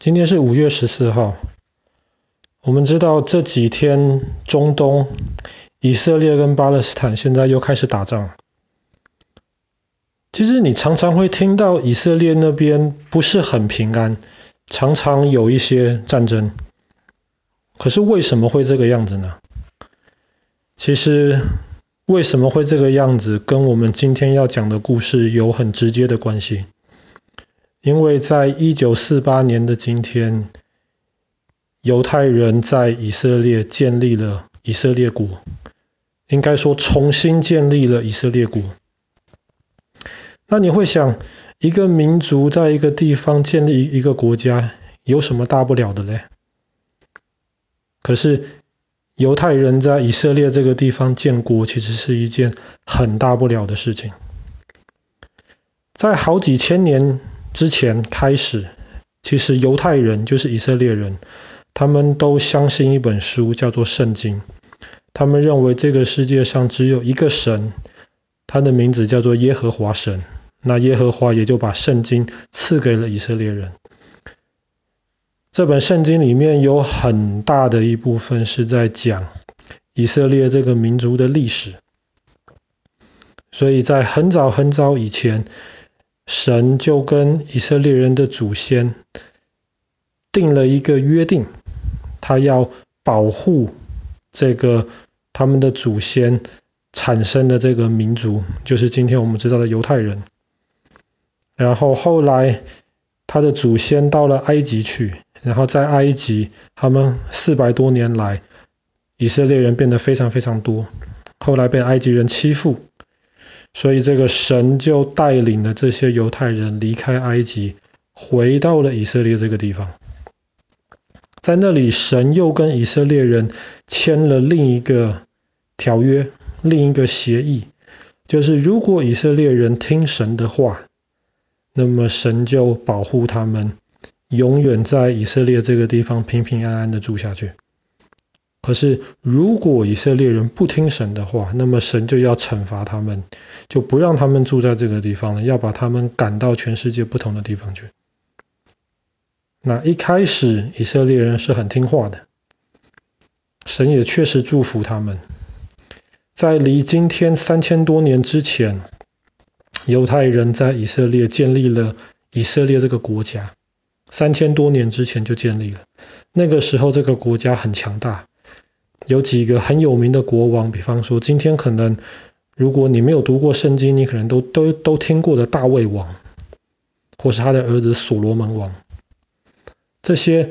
今天是五月十四號。我們知道這幾天中東以色列跟巴勒斯坦現在又開始打仗。其實你常常會聽到以色列那邊不是很平安，常常有一些戰爭。可是為什麼會這個樣子呢？其實為什麼會這個樣子，跟我們今天要講的故事有很直接的關係。因為在一九四八年的今天，猶太人在以色列建立了以色列國，應該說重新建立了以色列國。那你會想，一個民族在一個地方建立一個國家，有什麼大不了的嘞？可是猶太人在以色列這個地方建國，其實是一件很大不了的事情。在好幾千年。之前開始，其實猶太人就是以色列人，他們都相信一本書叫做《聖經》，他們認為這個世界上只有一個神，他的名字叫做耶和華神。那耶和華也就把《聖經》賜給了以色列人。這本《聖經》裡面有很大的一部分是在講以色列這個民族的歷史，所以在很早很早以前，神就跟以色列人的祖先定了一個約定，他要保護這個他們的祖先產生的這個民族，就是今天我們知道的猶太人。然後後來他的祖先到了埃及去，然後在埃及他們四百多年來，以色列人變得非常非常多，後來被埃及人欺負。所以這個神就帶領了這些猶太人離開埃及，回到了以色列這個地方。在那裡，神又跟以色列人簽了另一個條約、另一個協議，就是如果以色列人聽神的話，那麼神就保護他們，永遠在以色列這個地方平平安安的住下去。可是，如果以色列人不聽神的話，那麼神就要懲罰他們，就不讓他們住在這個地方了，要把他們趕到全世界不同的地方去。那一開始以色列人是很聽話的，神也確實祝福他們。在離今天三千多年之前，猶太人在以色列建立了以色列這個國家，三千多年之前就建立了。那個時候，這個國家很強大。有幾個很有名的國王，比方說，今天可能如果你沒有讀過聖經，你可能都都都聽過的大衛王，或是他的兒子所羅門王，這些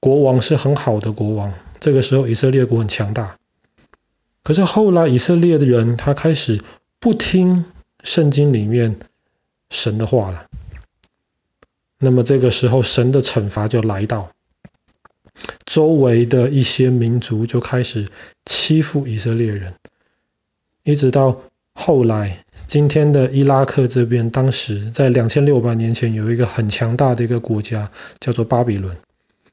國王是很好的國王。這個時候，以色列國很強大。可是後來，以色列的人他開始不聽聖經裡面神的話了，那麼這個時候，神的懲罰就來到。周圍的一些民族就開始欺負以色列人，一直到後來，今天的伊拉克這邊，當時在兩千六百年前有一個很強大的一個國家叫做巴比倫，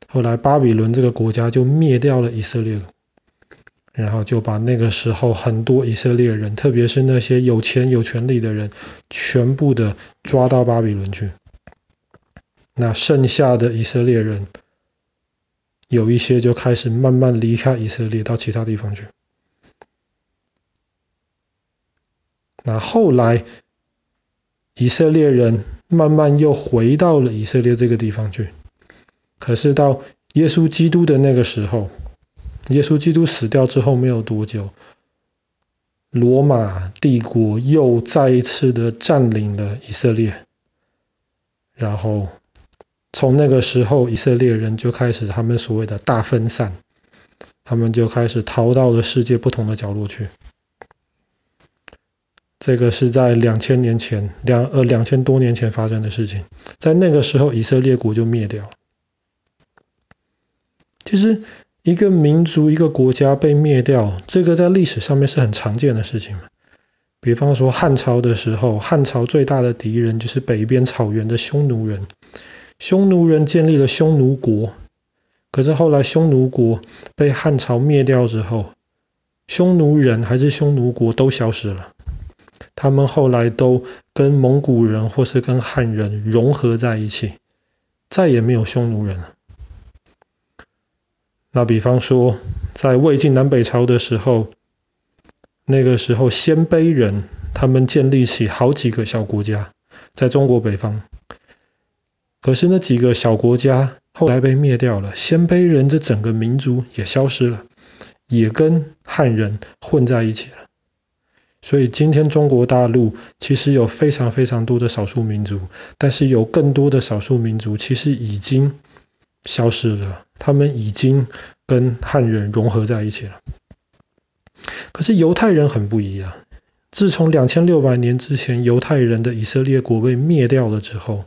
後來巴比倫這個國家就滅掉了以色列，然後就把那個時候很多以色列人，特別是那些有錢有權力的人，全部的抓到巴比倫去，那剩下的以色列人。有一些就開始慢慢離開以色列，到其他地方去。那後來，以色列人慢慢又回到了以色列這個地方去。可是到耶穌基督的那個時候，耶穌基督死掉之後沒有多久，羅馬帝國又再一次的占領了以色列，然後。從那個時候，以色列人就開始他們所謂的大分散，他們就開始逃到了世界不同的角落去。這個是在兩千年前，兩呃兩千多年前發生的事情。在那個時候，以色列國就滅掉。其實，一個民族、一個國家被滅掉，這個在歷史上面是很常見的事情嘛。比方說漢朝的時候，漢朝最大的敵人就是北邊草原的匈奴人。匈奴人建立了匈奴國，可是後來匈奴國被漢朝滅掉之後，匈奴人還是匈奴國都消失了。他們後來都跟蒙古人或是跟漢人融合在一起，再也沒有匈奴人了。那比方說，在魏晉南北朝的時候，那個時候鮮卑人他們建立起好幾個小國家，在中國北方。可是那幾個小國家後來被滅掉了，鮮卑人這整個民族也消失了，也跟漢人混在一起了。所以今天中國大陸其實有非常非常多的少數民族，但是有更多的少數民族其實已經消失了，他們已經跟漢人融合在一起了。可是猶太人很不一樣，自從兩千六百年之前猶太人的以色列國被滅掉了之後，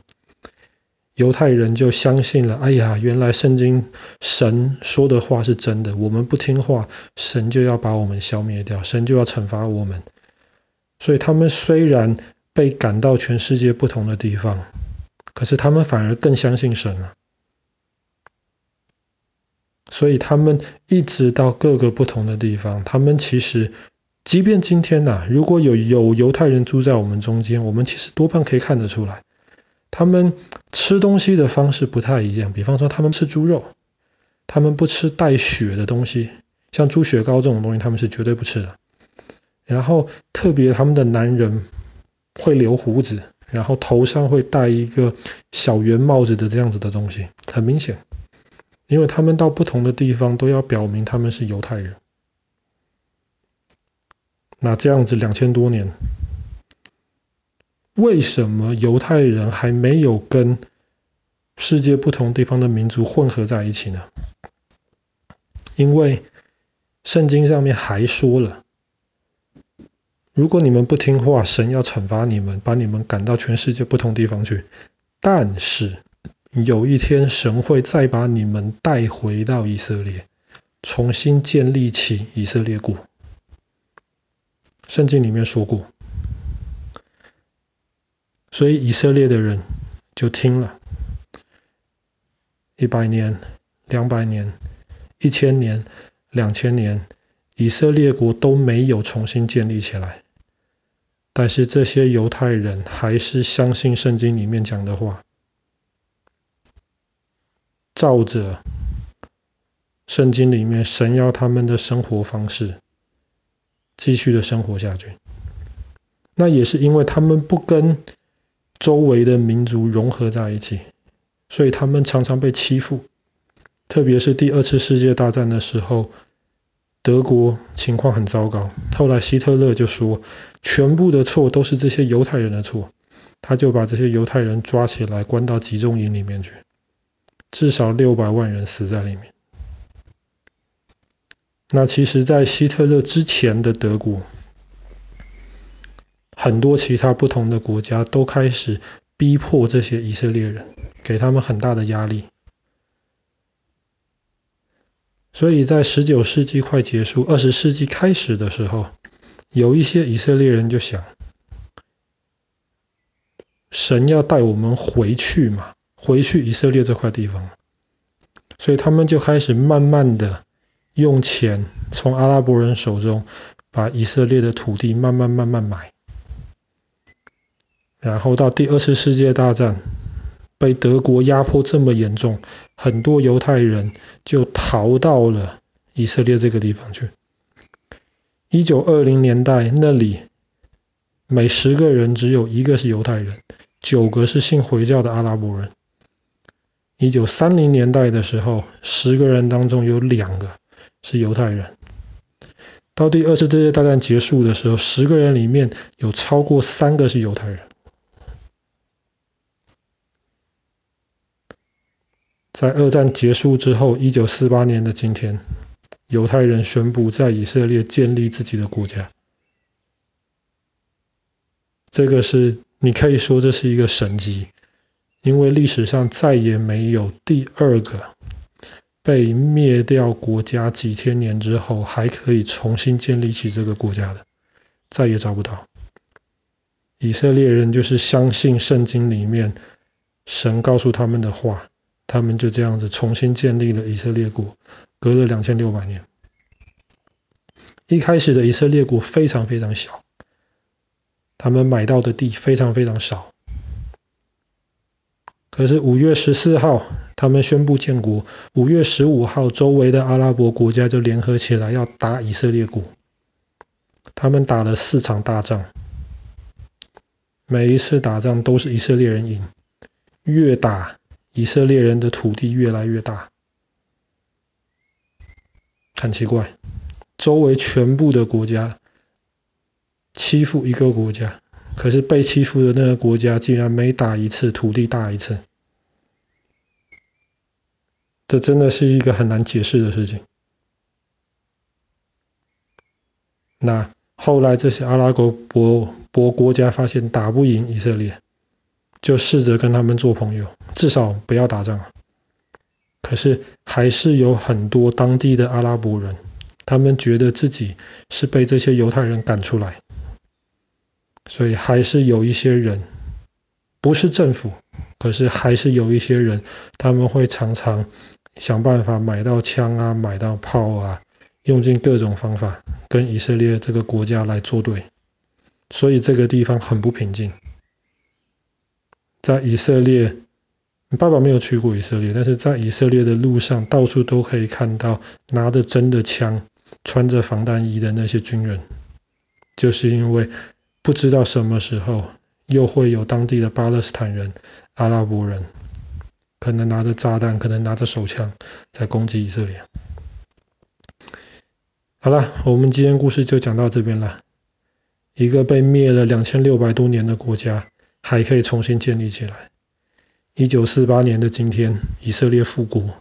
猶太人就相信了。哎呀，原來聖經神說的話是真的。我們不聽話，神就要把我們消滅掉，神就要懲罰我們。所以他們雖然被趕到全世界不同的地方，可是他們反而更相信神了。所以他們一直到各個不同的地方，他們其實，即便今天吶、啊，如果有有猶太人住在我們中間，我們其實多半可以看得出來。他們吃東西的方式不太一樣，比方說他們吃豬肉，他們不吃帶血的東西，像豬血糕這種東西他們是絕對不吃的。然後特別他們的男人會留鬍子，然後頭上會戴一個小圓帽子的這樣子的東西，很明顯，因為他們到不同的地方都要表明他們是猶太人。那這樣子兩千多年，為什麼猶太人還沒有跟世界不同地方的民族混合在一起呢？因為聖經上面還說了，如果你們不聽話，神要懲罰你們，把你們趕到全世界不同地方去。但是有一天，神會再把你們帶回到以色列，重新建立起以色列國。聖經裡面說過。所以以色列的人就聽了，一百年、兩百年、一千年、兩千年，以色列國都沒有重新建立起來。但是這些猶太人還是相信聖經裡面講的話，照着聖經裡面神要他們的生活方式，繼續的生活下去。那也是因為他們不跟。周圍的民族融合在一起，所以他們常常被欺負。特別是第二次世界大戰的時候，德國情況很糟糕。後來希特勒就說，全部的錯都是這些猶太人的錯，他就把這些猶太人抓起來關到集中營裡面去，至少六百萬人死在裡面。那其實在希特勒之前的德國。很多其他不同的國家都開始逼迫這些以色列人，給他們很大的壓力。所以在十九世紀快結束，二十世紀開始的時候，有一些以色列人就想：神要帶我們回去嘛，回去以色列這塊地方。所以他們就開始慢慢的用錢從阿拉伯人手中把以色列的土地慢慢慢慢買。然後到第二次世界大戰，被德國壓迫這麼嚴重，很多猶太人就逃到了以色列這個地方去。一九二零年代那裡，每十個人只有一個是猶太人，九個是信回教的阿拉伯人。一九三零年代的時候，十個人當中有兩個是猶太人。到第二次世界大戰結束的時候，十個人裡面有超過三個是猶太人。在二戰結束之後，一九四八年的今天，猶太人宣佈在以色列建立自己的國家。這個是，你可以說這是一個神蹟，因為歷史上再也沒有第二個被滅掉國家，幾千年之後還可以重新建立起這個國家的，再也找不到。以色列人就是相信聖經裡面神告訴他們的話。他們就這樣子重新建立了以色列國，隔了兩千六百年。一開始的以色列國非常非常小，他們買到的地非常非常少。可是五月十四號，他們宣布建國。五月十五號，周圍的阿拉伯國家就聯合起來要打以色列國。他們打了四場大仗，每一次打仗都是以色列人贏，越打，以色列人的土地越來越大，很奇怪，周圍全部的國家欺負一個國家，可是被欺負的那個國家竟然每打一次土地大一次，這真的是一個很難解釋的事情。那後來這些阿拉伯國國國家發現打不贏以色列。就試着跟他們做朋友，至少不要打仗。可是還是有很多當地的阿拉伯人，他們覺得自己是被這些猶太人趕出來，所以還是有一些人，不是政府，可是還是有一些人，他們會常常想辦法買到槍啊，買到炮啊，用盡各種方法跟以色列這個國家來作對，所以這個地方很不平靜。在以色列，你爸爸沒有去過以色列，但是在以色列的路上，到處都可以看到拿着真的槍、穿着防彈衣的那些軍人，就是因為不知道什麼時候又會有當地的巴勒斯坦人、阿拉伯人，可能拿着炸彈，可能拿着手槍，在攻擊以色列。好了，我們今天故事就講到這邊了。一個被滅了兩千六百多年的國家。還可以重新建立起來。一九四八年的今天，以色列復國。